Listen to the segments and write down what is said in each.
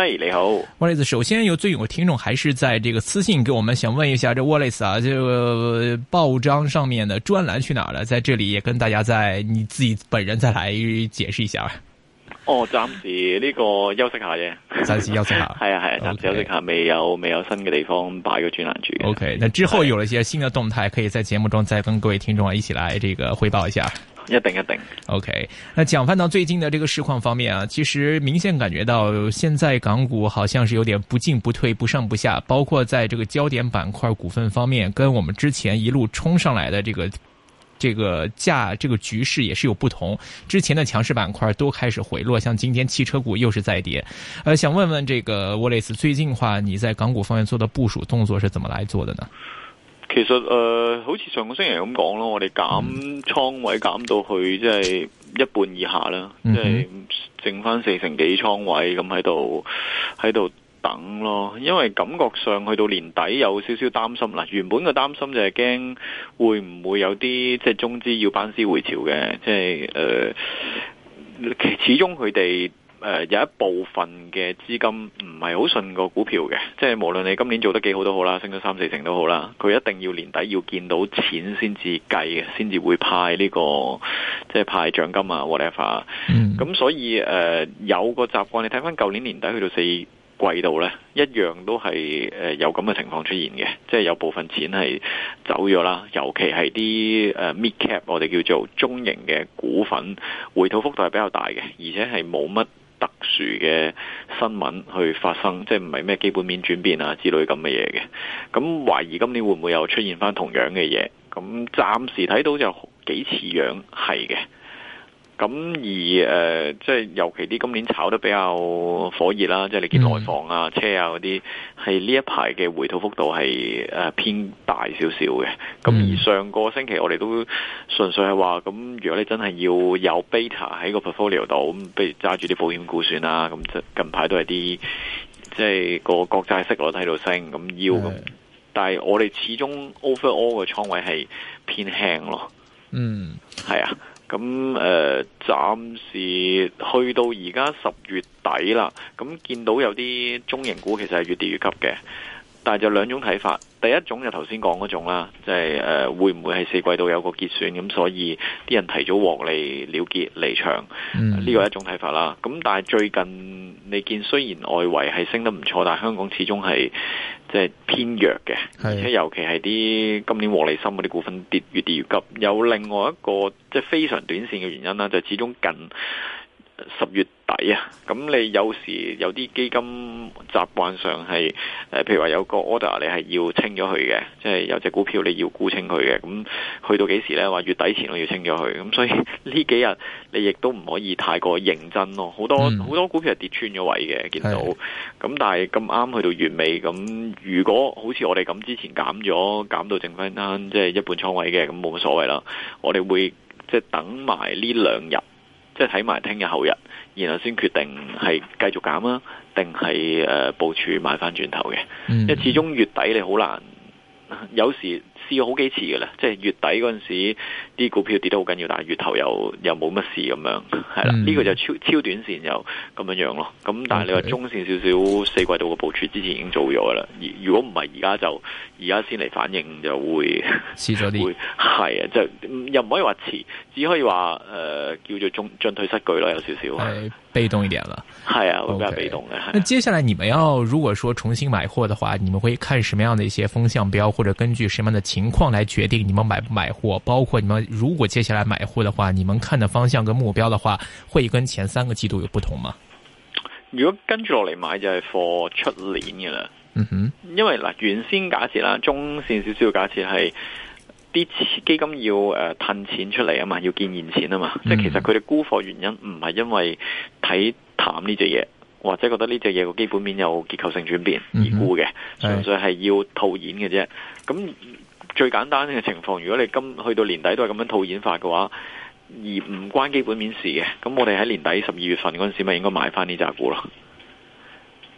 嗨，hey, 你好 Wallace 首先，有最勇的聽眾還是在這個私信給我們，想問一下這 Wallace 啊，這個報章上面的專欄去哪了？在這裏也跟大家在你自己本人再來解釋一下。哦，暫時呢個休息下嘅，暫時休息下，係 啊係啊，暫時休息下未 Okay. 有未有新嘅地方擺個專欄住。OK，那之後有了一些新的動態，可以在節目中再跟各位聽眾啊一起來這個匯報一下。一定一定，OK。那講翻到最近的這個市況方面啊，其實明顯感覺到現在港股好像是有點不進不退、不上不下。包括在這個焦點板塊股份方面，跟我們之前一路衝上來的這個這個價、這個局勢也是有不同。之前的強勢板塊都開始回落，像今天汽車股又是在跌。呃，想問問這個 Wallace，最近的話你在港股方面做的部署動作是怎麼來做的呢？其實誒、呃、好似上個星期咁講咯，我哋減倉位減到去即係、就是、一半以下啦，即係、嗯、哼剩翻四成幾倉位咁喺度喺度等咯，因為感覺上去到年底有少少擔心，啦、呃、原本嘅擔心就係驚會唔會有啲即係中資要班師回朝嘅，即係誒、呃、始終佢哋。誒、呃、有一部分嘅資金唔係好信個股票嘅，即係無論你今年做得幾好都好啦，升咗三四成都好啦，佢一定要年底要見到錢先至計嘅，先至會派呢、這個即係派獎金啊，whatever。咁、嗯、所以誒、呃、有個習慣，你睇翻舊年年底去到四季度呢，一樣都係有咁嘅情況出現嘅，即係有部分錢係走咗啦，尤其係啲誒 mid cap，我哋叫做中型嘅股份回吐幅度係比較大嘅，而且係冇乜。特殊嘅新聞去發生，即係唔係咩基本面轉變啊之類咁嘅嘢嘅，咁懷疑今年會唔會又出現翻同樣嘅嘢？咁暫時睇到就幾似樣，係嘅。咁而誒，即、呃、係尤其啲今年炒得比較火熱啦，即係你見內房啊、mm. 車啊嗰啲，係呢一排嘅回吐幅度係誒偏大少少嘅。咁、mm. 而上個星期我哋都純粹係話，咁如果你真係要有 beta 喺個 portfolio 度，咁不如揸住啲保險股算啦，咁近近排都係啲即係個國債息率喺度升，咁要咁。Mm. 但係我哋始終 overall 嘅倉位係偏輕咯。嗯，係啊。咁誒、呃，暫時去到而家十月底啦，咁見到有啲中型股其實係越跌越急嘅。但係就兩種睇法，第一種就頭先講嗰種啦，即係誒會唔會係四季度有個結算，咁所以啲人提早獲利了結離場，呢、嗯、哼 個係一種睇法啦。咁但係最近你見雖然外圍係升得唔錯，但係香港始終係即係偏弱嘅，是的 而且尤其係啲今年獲利深嗰啲股份跌越跌越急。有另外一個即係非常短線嘅原因啦，就始終近。十月底啊，咁你有時有啲基金習慣上係誒，譬如話有個 order 你係要清咗佢嘅，即係有隻股票你要沽清佢嘅。咁去到幾時呢？話月底前我要清咗佢。咁所以呢幾日你亦都唔可以太過認真咯。好多好、嗯、多股票係跌穿咗位嘅，見到。咁是但係咁啱去到月尾，咁如果好似我哋咁之前減咗，減到剩翻單，即、就、係、是、一半倉位嘅，咁冇乜所謂啦。我哋會即、就是、等埋呢兩日。即係睇埋聽日後日，然後先決定係繼續減啦定係誒部署買翻轉頭嘅。因為始終月底你好難，有時。試過好幾次噶啦，即係月底嗰陣時啲股票跌得好緊要，但係月頭又又冇乜事咁樣，係啦、嗯，呢、這個就超超短線又咁樣樣咯。咁但係你話中線少少四季度嘅部署之前已經做咗噶啦，如果唔係而家就而家先嚟反應就會試咗啲，係啊，即係就又唔可以話遲，只可以話誒、呃、叫做進進退失據咯，有少少係被動一點啦，係啊，會比較被動嘅。Okay. 啊、那接下來你們要，如果說重新買貨的話，你們會看什麼樣的一些風向標，或者根據什麼樣的情？情況來決定你們買不買貨，包括你們如果接下來買貨的話，你們看的方向跟目標的話，會跟前三個季度有不同嗎？如果跟住落嚟買就係貨出年嘅啦，嗯、哼因為嗱、呃、原先假設啦，中線少少假設係啲基金要誒褪、呃、錢出嚟啊嘛，要見現錢啊嘛，嗯、哼即係其實佢哋沽貨原因唔係因為睇淡呢隻嘢，或者覺得呢隻嘢個基本面有結構性轉變而沽嘅，嗯、哼純粹係要套現嘅啫，咁。最簡單嘅情況，如果你今去到年底都係咁樣套現法嘅話，而唔關基本面嘅事嘅，咁我哋喺年底十二月份嗰陣時咪應該買返呢渣股咯。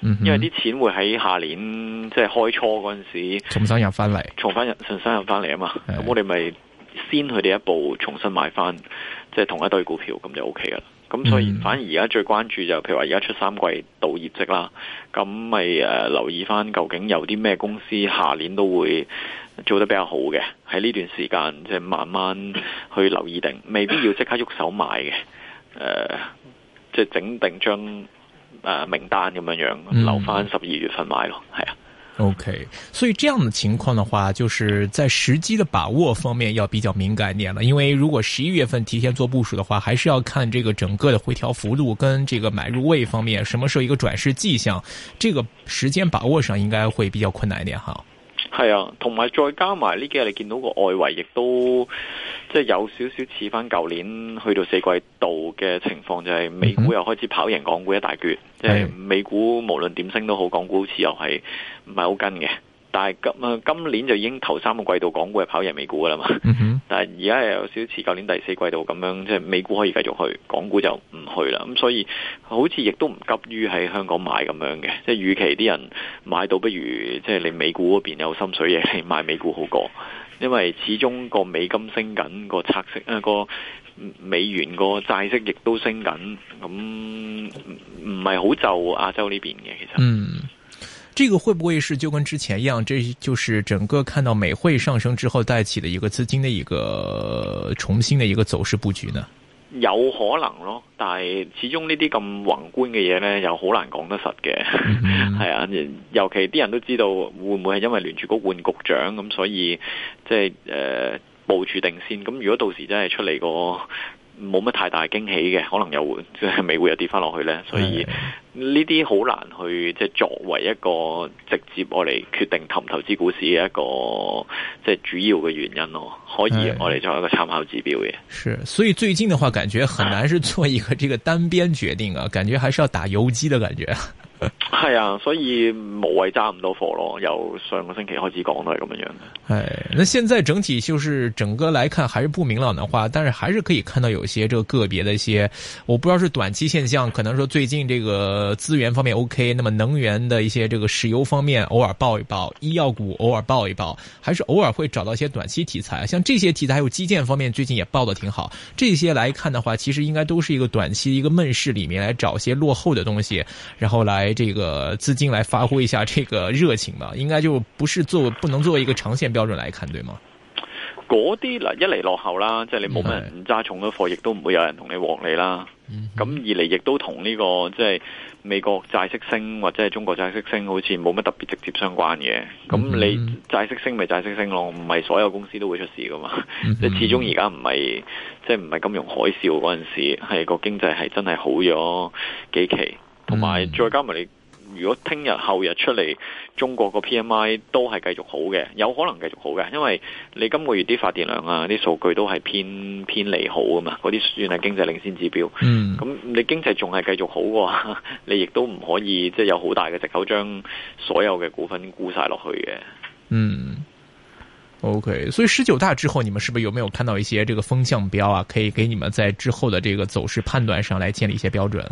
嗯、哼因為啲錢會喺下年即係開初嗰陣時候重新入返嚟，重翻入重新入返嚟啊嘛。是的那我哋咪先佢哋一步重新買返，即、就、係、是、同一堆股票，咁就 O K 啦。咁所以反而而家最關注就是、譬如話而家出三季度業績啦，咁咪誒留意翻究竟有啲咩公司下年都會。做得比較好嘅，喺呢段時間即係慢慢去留意定，未必要即刻喐手買嘅。誒、呃，即係整定張誒名單咁樣樣，留翻十二月份買咯。係啊、嗯。的 OK，所以這樣嘅情況的話，就是在時機的把握方面要比較敏感啲啦。因為如果十一月份提前做部署的話，還是要看這個整個的回調幅度跟這個買入位方面，什麼時候一個轉勢跡象，這個時間把握上應該會比較困難啲哈。係啊，同埋再加埋呢幾日，你見到個外圍亦都即係有少少似翻舊年去到四季度嘅情況，就係、是、美股又開始跑贏港股一大橛，即係、嗯、美股無論點升都好，港股好似又係唔係好跟嘅。但係今今年，就已經頭三個季度港股係跑贏美股噶啦嘛，嗯、哼但係而家又有少似舊年第四季度咁樣，即係美股可以繼續去，港股就唔去啦。咁所以好似亦都唔急於喺香港買咁樣嘅，即係預期啲人買到，不如即係你美股嗰邊有心水嘢，你買美股好過，因為始終個美金升緊，個拆息啊個、呃、美元個債息亦都升緊，咁唔係好就亞洲呢邊嘅其實。嗯這個會不會是就跟之前一樣？這就是整個看到美匯上升之後帶起的一個資金的一個重新的一個走勢布局呢？有可能咯，但係始終呢啲咁宏觀嘅嘢呢又好難講得實嘅。係、mm hmm. 啊，尤其啲人都知道會唔會係因為聯儲局換局長咁，所以即係誒部署定先。咁如果到時真係出嚟個。冇乜太大驚喜嘅，可能又即係未會有跌翻落去咧，所以呢啲好難去即係作為一個直接我哋決定投唔投資股市嘅一個即係主要嘅原因咯，可以我哋作為一個參考指標嘅。是，所以最近嘅話，感覺很難是做一個這個單邊決定啊，感覺還是要打游擊的感覺。係 啊，所以無謂揸唔到貨咯。由上個星期開始講都係咁樣樣。係，那現在整體就是整個來看還是不明朗的話，但是還是可以看到有些這個個別的一些，我不知道是短期現象，可能說最近這個資源方面 OK，那麼能源的一些這個石油方面偶爾爆一爆，醫藥股偶爾爆一爆，還是偶爾會找到一些短期題材，像這些題材，還有基建方面最近也爆得挺好。這些來看的話，其實應該都是一個短期一個悶市裏面來找一些落後的東西，然後來。呢個資金來發揮一下這個熱情吧，應該就不是做不能作為一個長線標準來看，對嗎？嗰啲嗱，一嚟落後啦，即係你冇乜人唔揸重咗貨，亦的都唔會有人同你獲利啦。咁二嚟亦都同呢、這個即係美國債息升或者係中國債息升，好似冇乜特別直接相關嘅。咁、嗯、哼你債息升咪債息升咯，唔係所有公司都會出事噶嘛。你、嗯、哼始終而家唔係即係唔係金融海嘯嗰陣時，係個經濟係真係好咗幾期。同埋，嗯、再加埋你，如果聽日、後日出嚟，中國個 P M I 都係繼續好嘅，有可能繼續好嘅，因為你今個月啲發電量啊，啲數據都係偏偏利好啊嘛，嗰啲算係經濟領先指標。嗯，咁你經濟仲係繼續好嘅話，你亦都唔可以即係、就是、有好大嘅借口將所有嘅股份沽晒落去嘅。嗯，O、okay, K，所以十九大之後，你們是不是有沒有看到一些這個風向標啊？可以給你們在之後的這個走勢判斷上來建立一些標準。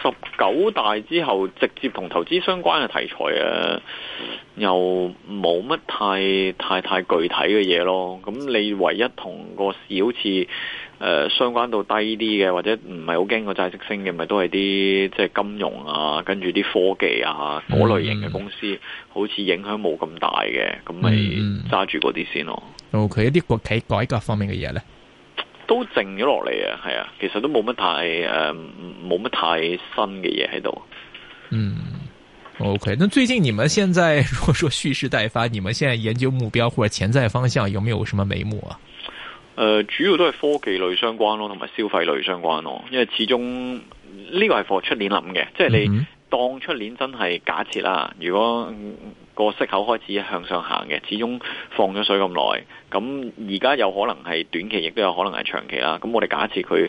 十九大之後，直接同投資相關嘅題材啊，又冇乜太太太具體嘅嘢咯。咁你唯一同個市好似、呃、相關度低啲嘅，或者唔係好驚個債息升嘅，咪都係啲即係金融啊，跟住啲科技啊嗰、嗯、類型嘅公司，嗯、好似影響冇咁大嘅，咁咪揸住嗰啲先咯。哦、嗯，佢、嗯 okay, 一啲國企改革方面嘅嘢呢？都靜咗落嚟啊，係啊，其實都冇乜太誒，冇、呃、乜太新嘅嘢喺度。嗯，OK。那最近你們現在，如果說蓄勢待發，你們現在研究目標或者潛在方向，有沒有什麼眉目啊？誒、呃，主要都係科技類相關咯，同埋消費類相關咯，因為始終呢個係貨出年諗嘅，即係你當出年真係假設啦，如果。嗯個息口開始向上行嘅，始終放咗水咁耐，咁而家有可能係短期，亦都有可能係長期啦。咁我哋假設佢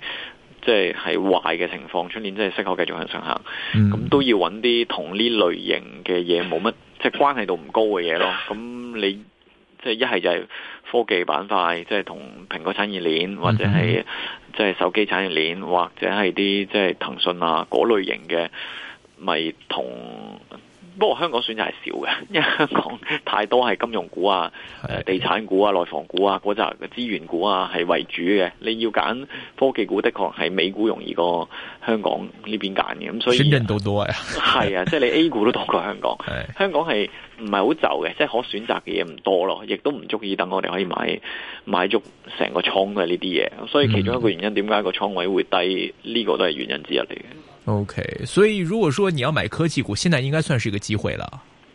即係係壞嘅情況，出年即係息口繼續向上行，咁都要揾啲同呢類型嘅嘢冇乜即係關係度唔高嘅嘢咯。咁你即係一係就係、是、科技板塊，即係同蘋果產業鏈，或者係即係手機產業鏈，或者係啲即係騰訊啊嗰類型嘅，咪同。不過香港選擇係少嘅，因為香港太多係金融股啊、地產股啊、內房股啊嗰紮資源股啊係為主嘅。你要揀科技股，的確係美股容易過香港呢邊揀嘅。咁所以選擇都多啊，係啊，即係你 A 股都多過香港。係嘅，香港係唔係好就嘅，即係可選擇嘅嘢唔多咯，亦都唔足以等我哋可以買買足成個倉嘅呢啲嘢。咁所以其中一個原因點解個倉位會低，呢個都係原因之一嚟嘅。OK，所以如果說你要買科技股，現在應該算是一個機會了。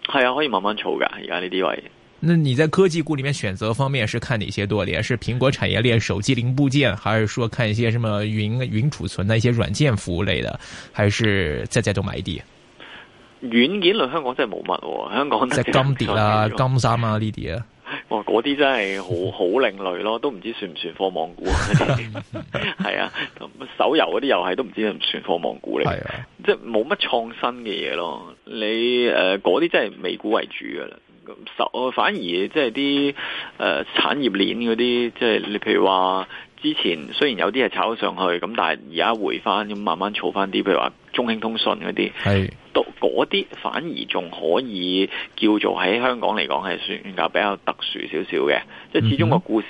係啊，可以慢慢儲噶，而家呢啲位。那你在科技股裏面選擇方面是看哪些多啲？是蘋果產業鏈、手機零部件，還是說看一些什麼雲雲儲存的一些軟件服務類的，還是再再多買啲啊？軟件嚟香港真係冇乜，香港即係金蝶啦、金山啊呢啲啊。哇！嗰啲真係好好另類咯，都唔知算唔算科網股啊？係 啊，手遊嗰啲遊戲都唔知算唔算科網股嚟， 即係冇乜創新嘅嘢咯。你誒，嗰、呃、啲真係美股為主噶啦。咁、呃、手反而即係啲誒產業鏈嗰啲，即係你譬如話。之前雖然有啲係炒上去，咁但係而家回翻咁，慢慢儲翻啲，譬如話中興通訊嗰啲，是都嗰啲反而仲可以叫做喺香港嚟講係算較比較特殊少少嘅，即係始終個故事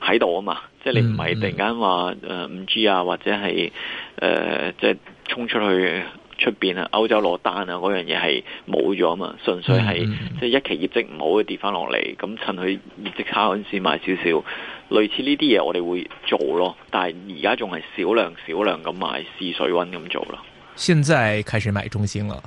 喺度啊嘛，嗯、哼即係你唔係突然間話誒五 G 啊，或者係誒、呃、即係衝出去出面啊，歐洲攞單啊嗰樣嘢係冇咗嘛，純粹係、嗯、哼即係一期業績唔好跌翻落嚟，咁趁佢業績差嗰陣時買少少。類似呢啲嘢我哋會做咯，但係而家仲係少量少量咁買試水温咁做咯。現在開始買中興啦，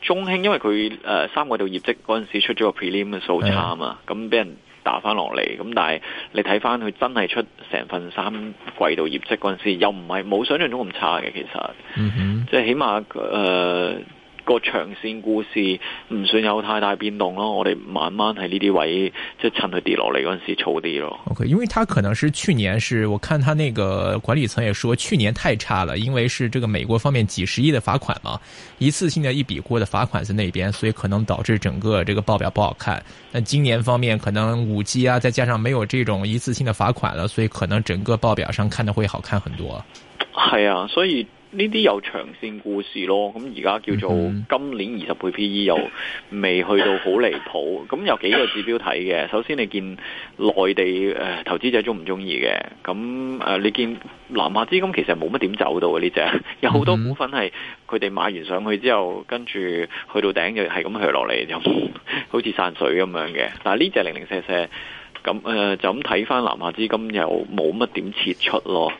中興因為佢誒、呃、三個季度業績嗰陣時出咗個 prelim 嘅數差嘛，咁俾、嗯嗯、人打翻落嚟。咁但係你睇翻佢真係出成份三季度業績嗰陣時，又唔係冇想象中咁差嘅其實，即係、嗯、哼起碼誒。呃個長線故事唔算有太大變動咯，我哋慢慢喺呢啲位，即係趁佢跌落嚟嗰陣時，啲咯。O K，因為他可能是去年是我看，他那個管理層也說去年太差了，因為是這個美國方面幾十億的罰款嘛，一次性的一筆過的罰款在那邊，所以可能導致整個這個報表不好看。但今年方面可能五 G 啊，再加上沒有這種一次性的罰款了，所以可能整個報表上看得會好看很多。係啊，所以。呢啲有長線故事咯，咁而家叫做今年二十倍 PE 又未去到好離譜，咁有幾個指標睇嘅。首先你見內地誒、呃、投資者中唔中意嘅，咁誒、呃、你見南下資金其實冇乜點走到嘅呢隻，有好多股份係佢哋買完上去之後，跟住去到頂就係咁去落嚟，就好似散水咁樣嘅。但係呢隻零零四四，咁誒、呃，就咁睇翻，南下資金又冇乜點撤出咯。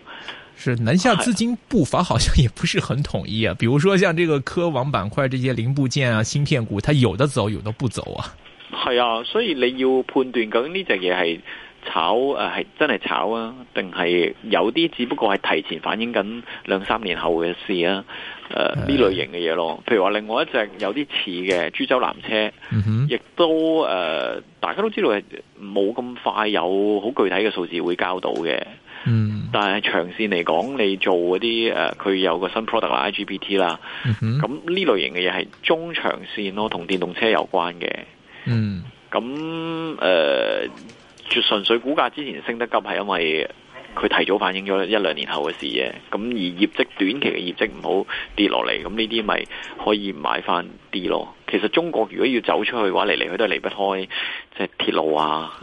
是南下資金步伐好像也不是很統一啊，是比如說像這個科網板塊這些零部件啊、芯片股，它有的走，有的不走啊。係啊，所以你要判斷究竟呢隻嘢係炒誒，係、呃、真係炒啊，定係有啲只不過係提前反映緊兩三年後嘅事啊。誒、呃，呢、啊、類型嘅嘢咯，譬如話另外一隻有啲似嘅株洲南車，亦、嗯、哼都誒、呃，大家都知道係冇咁快有好具體嘅數字會交到嘅。嗯，嗯，嗯，但係長線嚟講，你做嗰啲誒，佢、呃、有個新 product 啦，IGBT 啦、嗯，咁呢那麼、uh, 類型嘅嘢係中長線咯，同電動車有關嘅。嗯、咁、呃、誒，純粹股價之前升得急係因為佢提早反映咗一兩、claro. 年後嘅事嘅，咁而，而業績短期嘅業績唔好跌落嚟，咁呢啲咪可以買翻啲咯。其實中國如果要走出去嘅話，嚟嚟去都係離不開即係鐵路啊。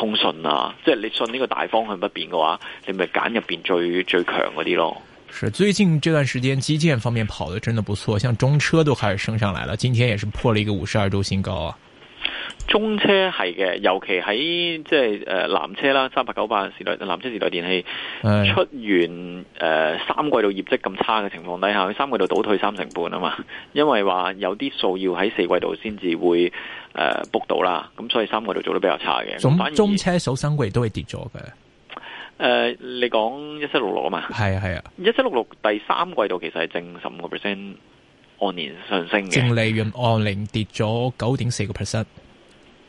通訊啊，即係你信呢個大方向不變嘅話，你咪揀入邊最最強嗰啲咯。是最近這段時間基建方面跑得真的不錯，像中車都開始升上來了，今天也是破了一個五十二周新高啊。中車係嘅，尤其喺即係誒南車啦，三八九八時代南車時代電器、哎、出完誒、呃、三季度業績咁差嘅情況底下，三季度倒退三成半啊嘛，因為話有啲數要喺四季度先至會誒 book、呃、到啦，咁所以三季度做得比較差嘅。咁總中車首三季都係跌咗嘅。誒、呃，你講一七六六啊嘛，係啊係啊，一七六六第三季度其實係正十五個 percent 按年上升嘅，淨利潤按年跌咗九點四個 percent。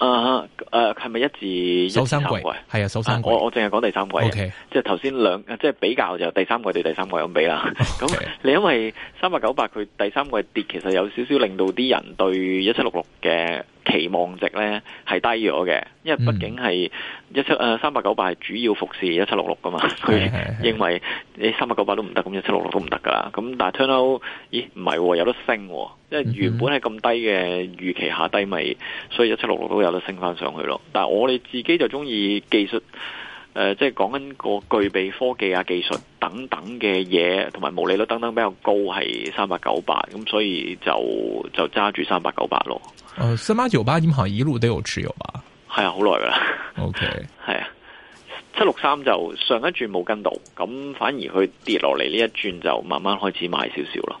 啊嚇，誒係咪一至首三季？係啊，首、啊、三，我我淨係講第三季。O Okay . K，即係頭先兩，即係比較就第三季對第三季咁比啦。咁你 Okay. 因為三百九八佢第三季跌，其實有少少令到啲人對一七六六嘅期望值咧係低咗嘅，因為畢竟係一七誒三百九八係主要服侍一七六六噶嘛。佢認為你三百九八都唔得，咁一七六六都唔得噶啦。咁但係 turn out，咦唔係有得升，因為原本係咁低嘅預期下低，咪所以一七六六都有。升翻上去咯，但係我哋自己就中意技術，誒、呃，即係講緊個具備科技啊、技術等等嘅嘢，同埋毛利率等等比較高是 8,，係三百九八，咁所以就就揸住三百九八咯。誒，三百九八，你們好像一路都有持有是啊？係 Okay. 啊，好耐噶啦。OK，係啊，七六三就上一轉冇跟到，咁反而佢跌落嚟呢一轉就慢慢開始買少少咯。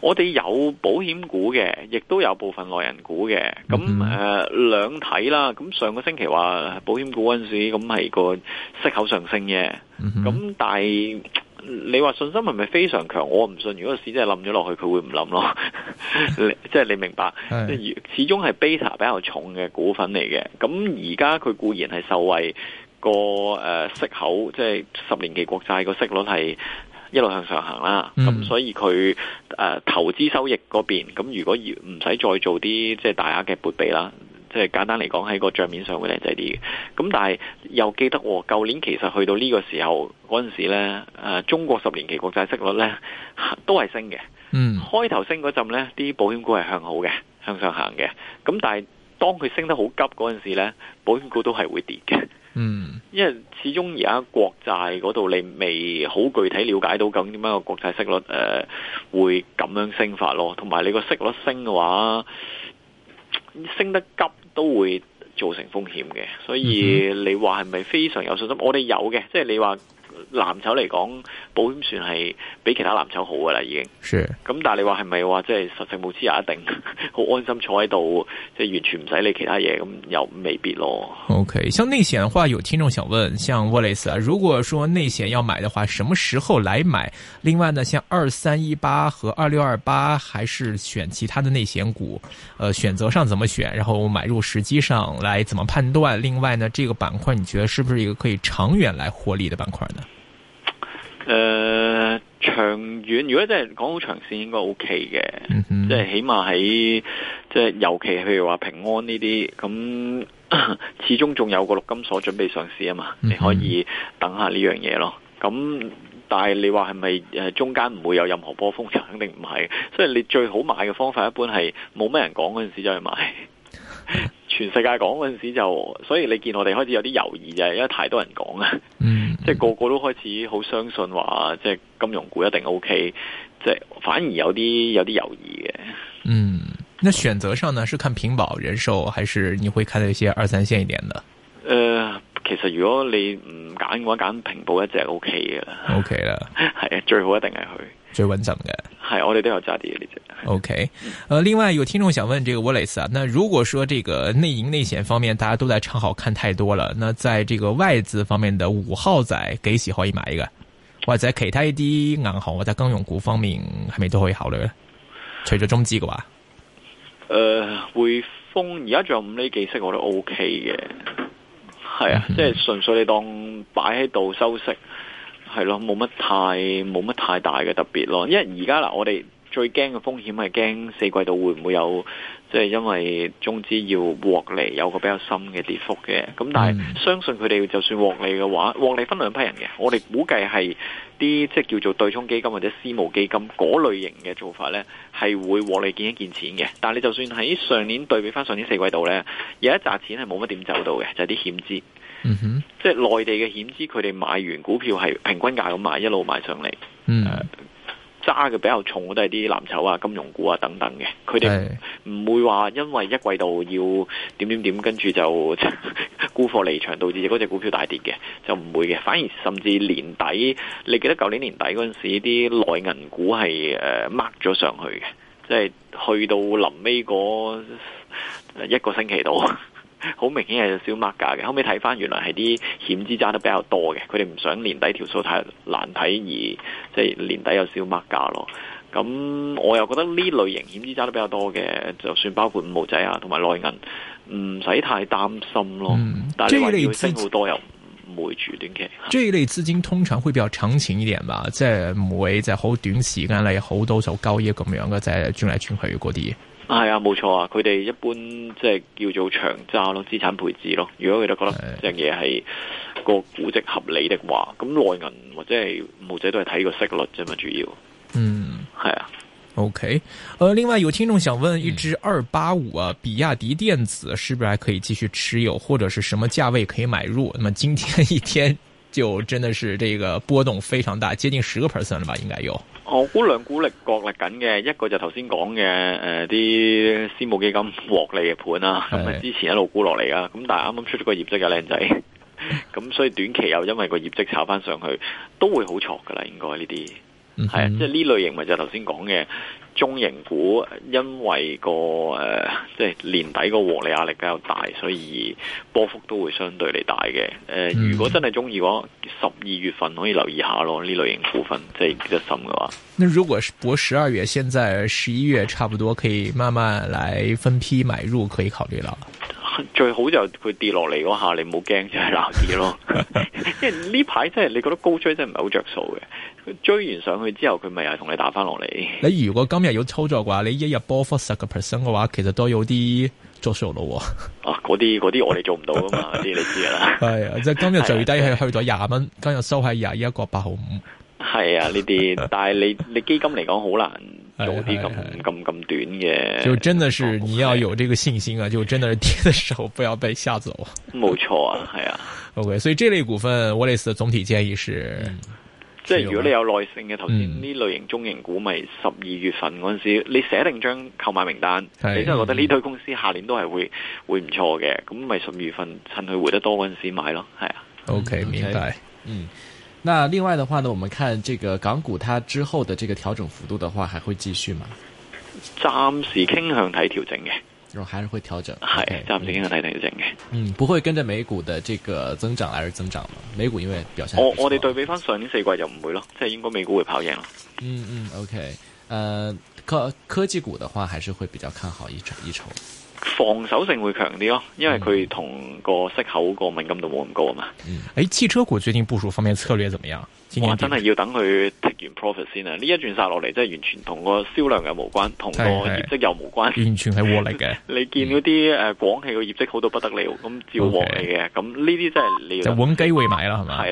我哋有保險股嘅，亦都有部分內人股嘅，咁誒兩睇啦。咁上個星期話保險股嗰陣時，咁係個息口上升嘅。咁、嗯、哼但係你話信心係咪非常強？我唔信，如果個市真係冧咗落去，佢會唔冧咯？即係 你、即係、你明白，的始終係 beta 比較重嘅股份嚟嘅。咁而家佢固然係受惠、個誒、呃、息口，即、就、係、是、十年期國債個息率係。一路向上行啦，咁所以佢誒、呃、投資收益嗰邊，咁如果要唔使再做啲即係大額嘅撥備啦，即係簡單嚟講喺個賬面上會靚仔啲嘅。咁但係又記得喎，舊、哦、年其實去到呢個時候嗰陣時咧，誒、呃、中國十年期國債息率咧都係升嘅。嗯，開頭升嗰陣咧，啲保險股係向好嘅，向上行嘅。咁但係當佢升得好急嗰陣時咧，保險股都係會跌嘅。嗯，因為始終而家國債嗰度你未好具體了解到咁點樣個國債息率誒，呃，會咁樣升法咯，同埋你個息率升嘅話，升得急都會造成風險嘅，所以你話係咪非常有信心？我哋有嘅，即係你話。藍籌嚟講，保險算係比其他藍籌好噶啦，已經。是。咁但係你話係咪話即係實情冇知也一定好安心坐喺度，即係完全唔使理其他嘢，咁又未必咯。OK，像內險嘅話，有聽眾想問，像 Wallace 啊，如果說內險要買嘅話，什麼時候來買？另外呢，像二三一八和二六二八，還是選其他的內險股？呃，選擇上怎麼選？然後買入時機上來怎麼判斷？另外呢，這個板塊你覺得是不是一個可以長遠來獲利嘅板塊呢？誒、呃，長遠如果真係講好長線應該、OK 的，應該 O K 嘅，即係起碼喺即係，尤其譬如話平安呢啲，咁 始終仲有個陸金所準備上市啊嘛，你可以等下呢樣嘢咯。咁但係你話係咪誒中間唔會有任何波峰？就肯定唔係，所以你最好買嘅方法，一般係冇咩人講嗰陣時就去買。嗯、全世界講嗰陣時就，所以你見我哋開始有啲猶豫就係，因為太多人講啊。嗯即係個個都開始好相信話，即係金融股一定 O K，即係反而有啲有啲猶豫嘅。嗯，那選擇上呢，是看平保、人壽，還是你會開到一些二三線一點的？誒、呃，其實如果你唔揀嘅話，揀平保一隻 O K 嘅啦，O K 啦，係、OK、啊、okay 了， 最好一定係佢。最穩陣嘅？係我哋都有揸啲嘅呢隻。O、okay、K，呃，另外有聽眾想問，這個 Wallace 啊，那如果說這個內營內險方面大家都在唱好看太多了，那在這個外資方面的五號仔，幾時可以買一個？或者其他一啲銀行，或者金融股方面，係咪都可以考慮咧？除咗中資嘅話，誒、呃，匯豐而家仲有五厘幾息，我都 O K 嘅，係啊、嗯，即係純粹你當擺喺度收息。係咯，冇乜太冇乜太大嘅特別咯，因為而家嗱，我哋最驚嘅風險係驚四季度會唔會有。即係因為中資要獲利，有個比較深嘅跌幅嘅。咁但係相信佢哋就算獲利嘅話，獲利分兩批人嘅。我哋估計係啲即係叫做對沖基金或者私募基金嗰類型嘅做法呢，係會獲利見一見錢嘅。但係你就算喺上年對比翻上，上年四季度呢，有一紮錢係冇乜點走到嘅，就係、是、啲險資。嗯、哼，即係內地嘅險資，佢哋買完股票係平均價咁買，一路買上嚟。嗯。揸嘅比較重都係啲藍籌啊、金融股啊等等嘅，佢哋唔會話因為一季度要點點點，跟住就沽貨離場，導致嗰隻股票大跌嘅，就唔會嘅。反而甚至年底，你記得舊年年底嗰陣時啲內銀股係呃掹咗上去嘅，即係去到臨尾嗰一個星期度。好明顯係有少抹價嘅，後尾睇翻原來係啲險資揸得比較多嘅，佢哋唔想年底條數太難睇，而即係年底有少抹價咯。咁我又覺得呢類型險資揸得比較多嘅，就算包括五毛仔啊，同埋內銀，唔使太擔心咯。嗯，但係你話會升好多又唔會住短期。呢一類資金通常會比較長情一點吧，即係唔會即係好短時間嚟，好多手交易咁樣嘅，就係轉嚟轉去嗰啲。係啊，啊，冇錯啊，佢哋一般即係叫做長揸咯，資產配置咯。如果佢哋覺得隻嘢係個估值合理的話，咁內銀或者係冇仔都係睇個息率啫嘛，主要。嗯，係啊。OK，呃，另外有聽眾想問，嗯、一支二八五啊，比亞迪電子是不是還可以繼續持有，或者是什麼價位可以買入？那麼今天一天就真的是這個波動非常大，接近十個 percent 了吧，應該有。我估兩股力角力緊嘅，一個就頭先講嘅，誒啲私募基金獲利嘅盤啦，咁啊的之前一路估落嚟啊，咁但係啱啱出咗個業績嘅靚仔，咁 所以短期又因為個業績炒翻上去，都會好錯㗎喇，應該呢啲係啊，即係呢類型咪就頭先講嘅。中型股因為個誒、呃、即係年底個獲利壓力比較大，所以波幅都會相對嚟大嘅。誒、呃，如果真係中意嘅話，十二月份可以留意下咯。呢類型股份即係跌得深嘅話，那如果是博十二月，現在十一月差不多可以慢慢來分批買入，可以考慮啦。最好就佢跌落嚟嗰下，你唔好驚就係鬧市咯。 因為呢排真係你覺得高追真係唔係好着數嘅，追完上去之後佢咪又同你打翻落嚟。你如果今日要操作嘅話，你一日波幅十個 percent 嘅話，其實都有啲着數咯。喎、哦。嗰啲嗰啲我哋做唔到噶嘛，啲 你知噶啦。係啊，即係今日最低係去咗廿蚊， 今日收喺廿一個八毫五。係 啊，呢啲，但係你你基金嚟講好難。有啲咁咁咁短嘅，就真的是你要有這個信心啊！就真的是跌的時候不要被嚇走，冇錯啊，係啊。OK，所以這類股份，Wallace 總體建議是，即係如果你有耐性嘅頭先呢類型中型股，咪十二月份嗰陣時，你寫定張購買名單，你真係覺得呢堆公司下年都係會會唔錯嘅，咁咪十二月份趁佢回得多嗰陣時買咯，係啊。OK，明白，嗯。那另外的話呢，我們看這個港股，它之後的這個調整幅度的話，還會繼續嗎？暫時傾向睇調整嘅，仲還是會調整，係是 okay 暫時傾向睇調整嘅。嗯，不會跟着美股的這個增長來而增長嘛。美股因為表現我，我我哋對比翻上年四季就唔會咯，即、就、係、是、應該美股會跑贏咯，嗯。嗯嗯，OK，呃科科技股的話，還是會比較看好一籌一籌。防守性會強啲咯，因為佢同個息口個敏感度冇咁高啊嘛。嗯，誒，汽車股最近部署方面策略怎麼樣？哇真係要等佢剔完 profit 先啊！呢一轉殺落嚟，真係完全同個銷量又無關，同個業績又無關，嘿嘿 完全係獲利嘅。 你見嗰啲誒廣汽個業績好到不得了，咁照獲利嘅，咁呢啲真係你就揾機會買啦，係咪？